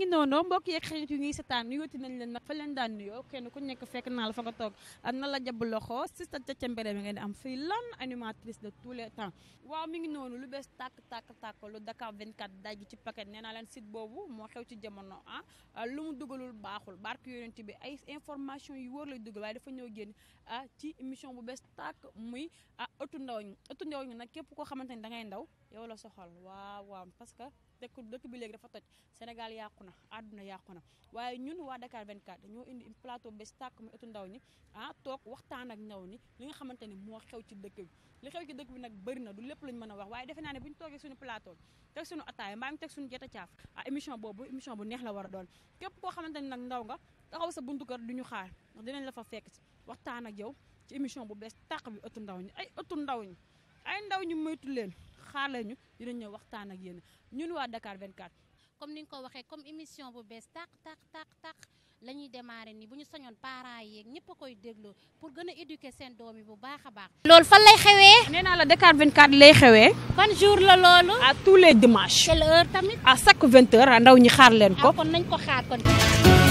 ngi noonu mbokk yeeg nekk fekk naa la fa la jàpp loxo sista Caca Mbéré mi ngeen di am fii lan animatrice de tous les ngi noonu lu bees tàkk tàkk tàkk lu Dakar 24 daj ci paquet nee leen site boobu moo xew ci jamono ah. ah lu mu dugalul baaxul barke yonent bi ay information yu wóor lay dugal waaye dafa ñëw génn ah ci mission bu bees tàkk muy ah ëttu ndaw ñi ëttu ndaw ñi nag képp koo xamante ni da ngay ndaw yow la soxal waaw waaw parce que dëkk dëkk bi léegi dafa toj Sénégal yàqu na na àdduna yàqu na waaye ñun waa Dakar 24 dañoo indi plateau bés tàkk muy ëttu ndaw ñi ah toog waxtaan ak ndaw ñi li nga xamante ni moo xew ci dëkk bi li xew ci dëkk bi nag bëri na du lépp lañ mën a wax waaye defe naa ne bu ñu toogee suñu plateau teg suñu ataaya mbaa ngi teg suñu jota caaf ah émission boobu émission bu neex war a doon képp koo xamante ni nag ndaw taxaw sa buntu kër du ñu xaar ndax dinañ fekk waxtaan ak yow ci bu bees tàq bi ëttu ndaw ñi ay ëttu ndaw ñi ay ndaw ñu moytu leen xaar lañu dinañ ñëw waxtaan ak yéen ñun waa Dakar 24 comme niñ ko waxé comme émission bu bees tak tak tak tak lañuy ñuy démarrer nii bu ñu parents yi ñëpp a koy déglu pour gëna éduquer seen doom yi bu baaxa baax. lool fan lay xewé nee naa la Dakar 24 lay xewé ban jour la loolu. à tous les dimanches. quelle heure tamit. à chaque 20 heures ndaw ñi xaar leen ko. Ah, kon nañ ko xaar kon.